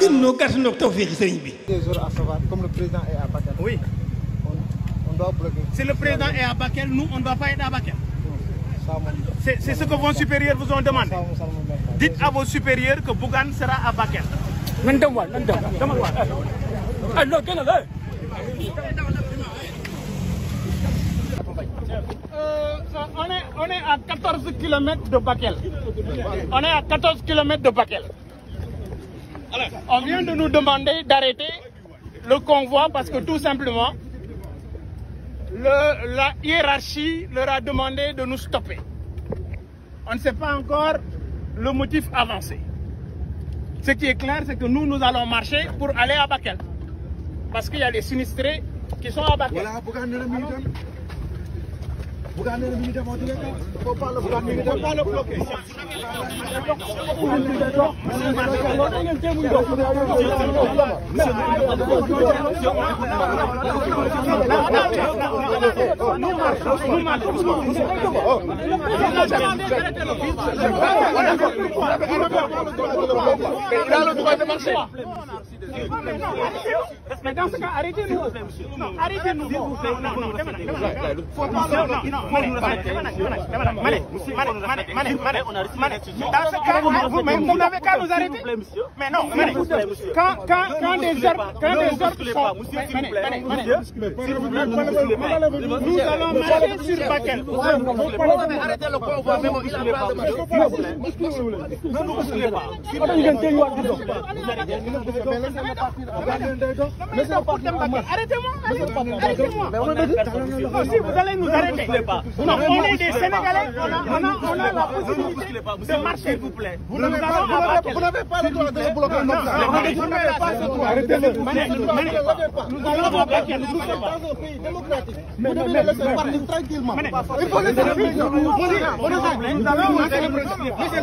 gën ñoo gàtt ñoo tawféexi bi. comme si le président est à Bakel nous on doit pas à Bakel. c'est ce que vos supérieurs vous ont demandé. dites à vos supérieurs que Bougane sera à Bakel. man dem waay man dem waay dama euh, on est à 14 kilomètres de Bakel. on est à 14 kilomètres de Bakel. On vient de nous demander d'arrêter le convoi parce que tout simplement, le, la hiérarchie leur a demandé de nous stopper. On ne sait pas encore le motif avancé. Ce qui est clair, c'est que nous, nous allons marcher pour aller à Bakel. Parce qu'il y a les sinistrés qui sont à Bakel. Voilà, Bougane mi ngi dem au direct foo parle Bougane mi ngi dem parle bloqué Respectons ce cas, arrêtez-nous. Arrêtez-nous. S'il vous plaît. Non, non, non. Faut pas. Non, non. vous n'avez qu'à nous arrêter. Mais non, quand, quand, quand des ordres, quand des ordres sont, nous allons marcher sur Bakel. Arrêtez le convoi, même il a pas de marcher. Arrêtez-moi, arrêtez-moi. Si vous allez nous arrêter. pas. Non, on est des Sénégalais, on a, on a, on a la possibilité de marcher. Vous n'avez pas le droit de le bloquer. Vous n'avez pas le droit. Arrêtez-le. Nous allons bloquer. Nous sommes dans un pays démocratique. Vous devez laisser parler tranquillement. Il faut laisser le président. Nous allons laisser le président. Laissez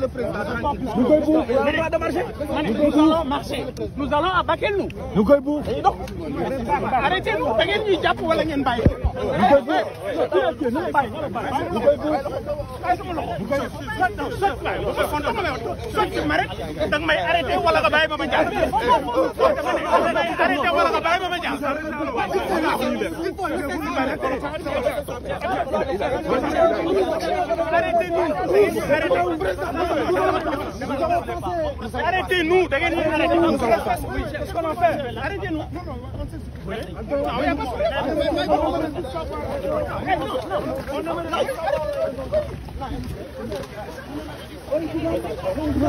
le président. Nous n'avons pas de marcher. Nous allons marcher. Nous allons à Bakel, nous. Nous Arrêtez-nous. Da ngeen ñuy jàpp wala ngeen bàyyi. da nga may arrêté wala nga bàyyi ba ma jàll. da nga may arrêté wala nga bàyyi ba ma jàll. Arrêtez-nous da ngeen arrêté Qu'est-ce qu'on en fait Arrêtez-nous Nous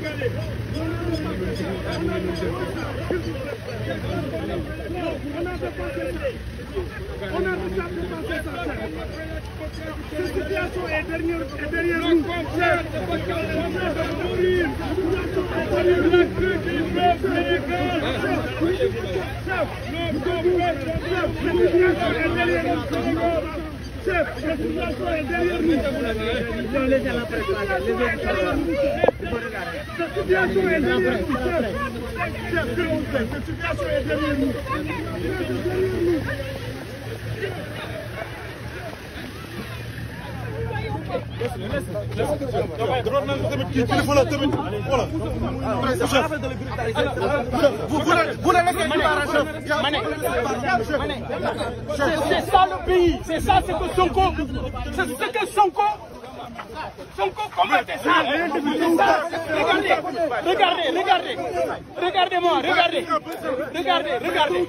On a déjà dépassé ça. Cette situation est derrière, est derrière nous. Chef, la situation est derrière nous. Cette situation est derrière nous. Cette C'est ça le pays, c'est ça ce que Sonko, c'est ce que Sonko Sonko combattait ça. Regardez, regardez, regardez. Regardez-moi, regardez. Regardez, regardez.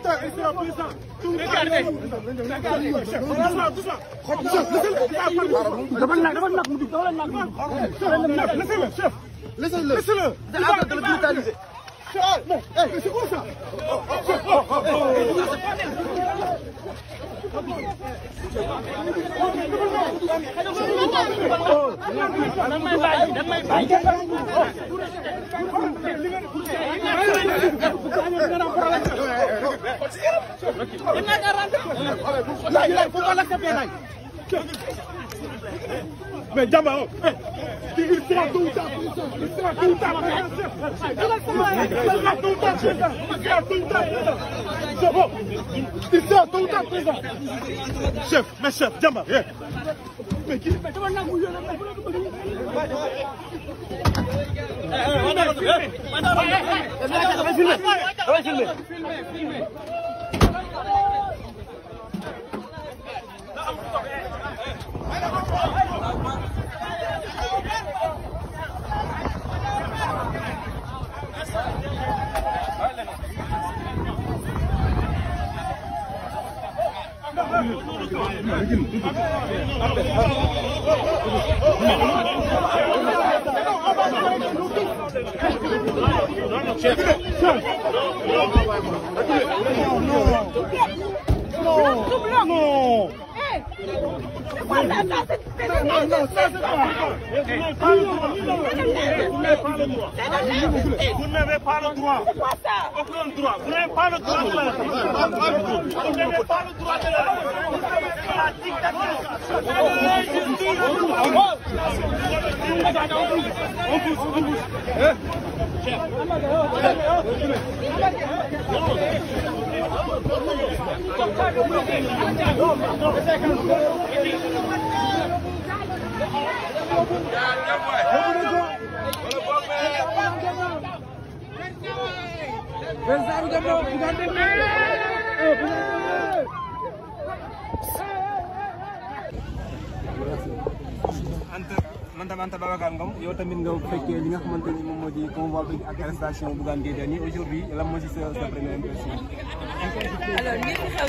Regardez. Regardez. Chef, laissez-le. Laissez-le. Arrête de le brutaliser. Chef, mais c'est quoi ça Mais Djamba oh eh, il sera tout à il sera tout à il sera tout à chef oh il sort tout à présent chef mais chef jàmbaar eh mais kii dama Non, non, non Vous n'avez pas le droit. Aucun droit. Vous n'avez pas le droit de la Vous n'avez pas le droit de la dictature. On pousse, on pousse. Pensar que eu vou ficar de medo. man tam Anta yow tamit nga fekkee li nga xamante ni moom bi ak arrestation Bougane Gueye Dany aujourd'hui xew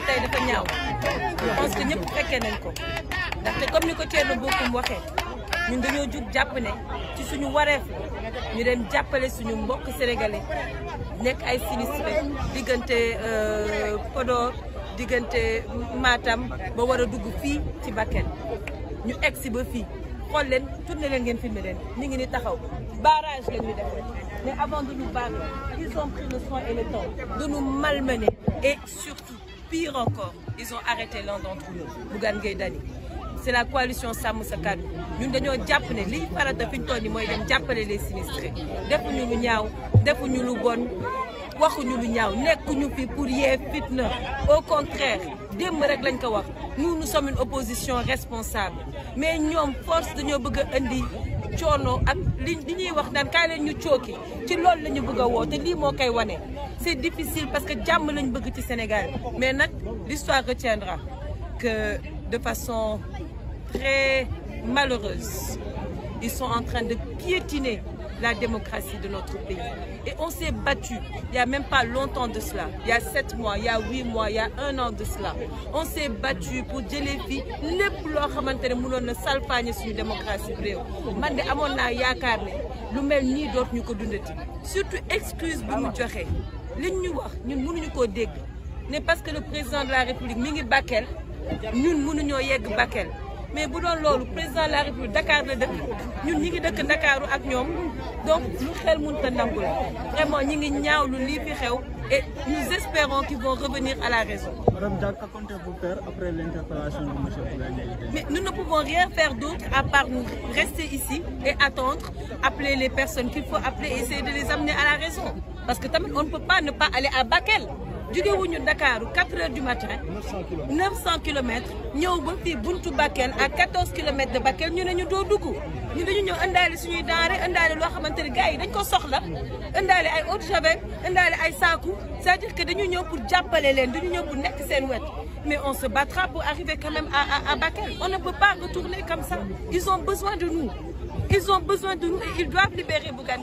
tey dafa ñaaw je pense fekkee nañ ko ndaxte comme ni ko Thierno Bocoum waxee ñun dañoo jug jàpp ne ci suñu wareef ñu dem jàppale suñu mbokk sénégalais nekk ay sinistré diggante euh, Podor diggante maatam ba war a dugg fii ci Bakel ñu egg si ba fii. xool leen tourné leen ngeen filmé leen ñu ngi ni taxaw barrage la ñu def mais avant de nous barrer ils ont pris le soin et le temps de nous malmener et surtout pire encore ils ont arrêté l'un d'entre nous Bougane Gueye Dany c'est la coalition Sàmm Sa Kàddu ñun dañoo jàpp ne liy farata fi ñu toll nii mooy dem jàppale les sinistrés defuñu lu ñaaw defuñu lu bon waxuñu lu ñaaw nekkuñu fi pour yee fitna au contraire démb rek lañ ko wax nous nous sommes une opposition responsable mais ñoom force dañoo bëgg a indi coono ak li li ñuy wax daan kaay leen ñu cooki ci loolu la ñu bëgg a woo te lii moo koy wane c'est difficile parce que jàmm lañ bëgg ci Sénégal mais nag l'histoire retiendra que de façon très malheureuse ils sont en train de piétiner la démocratie de notre pays. Et on s'est battu, il n'y a même pas longtemps de cela, il y a sept mois, il y a huit mois, il un an de cela. On s'est battu pour jëlee fii lépp loo xamante ne mënoon na salfaañe suñu démocratie réew man de amoon naa yaakaar ne lu mel nii doot ñu ko dundati surtout excuse bi mu joxe liñ ñu wax ñun ñu koo dégg ne parce que le président de la république mi ngi Bakel ñun ñoo yegg Bakel mais bu doon loolu président la république Dakar la dëkk ñi ngi dëkk Ndakaaru ak ñoom donc lu xel mënut a nangu la vraiment ñi ngi ñaawlu lii fi xew et nous espérons qu'ils vont revenir à la raison. Madame Diack, que Mais nous ne pouvons rien faire d'autre à part nous rester ici et attendre, appeler les personnes qu'il faut appeler, essayer de les amener à la raison. Parce que on ne peut pas ne pas aller à Bakel. jógewuñu Ndakaaru 4 heures du matin 900 kilomètres ñëw ba fii buntu Bakel à 14 kilomètres de Bakel ñu ne ñu doo dugg ñu dañu ñëw indaale suñuy denrée indaale loo xamante ni gars yi dañ ko soxla indaale ay eau de javel indaale ay saaku cest dire que dañu ñëw pour jàppale leen dañu ñëw pour nekk seen wet mais on se battra pour arriver quand même à à à Bakel on ne peut pas retourner comme ça ils ont besoin de nous ils ont besoin de nous et ils doivent libérer Bougane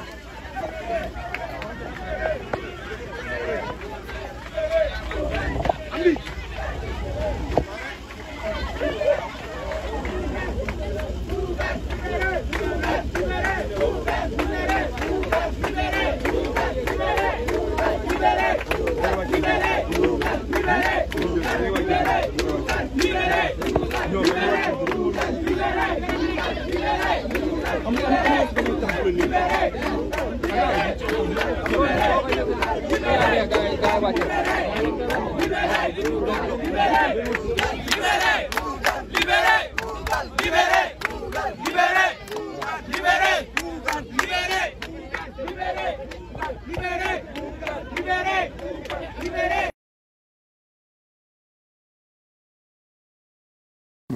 libérez, libérez, libérez, libérez, libérez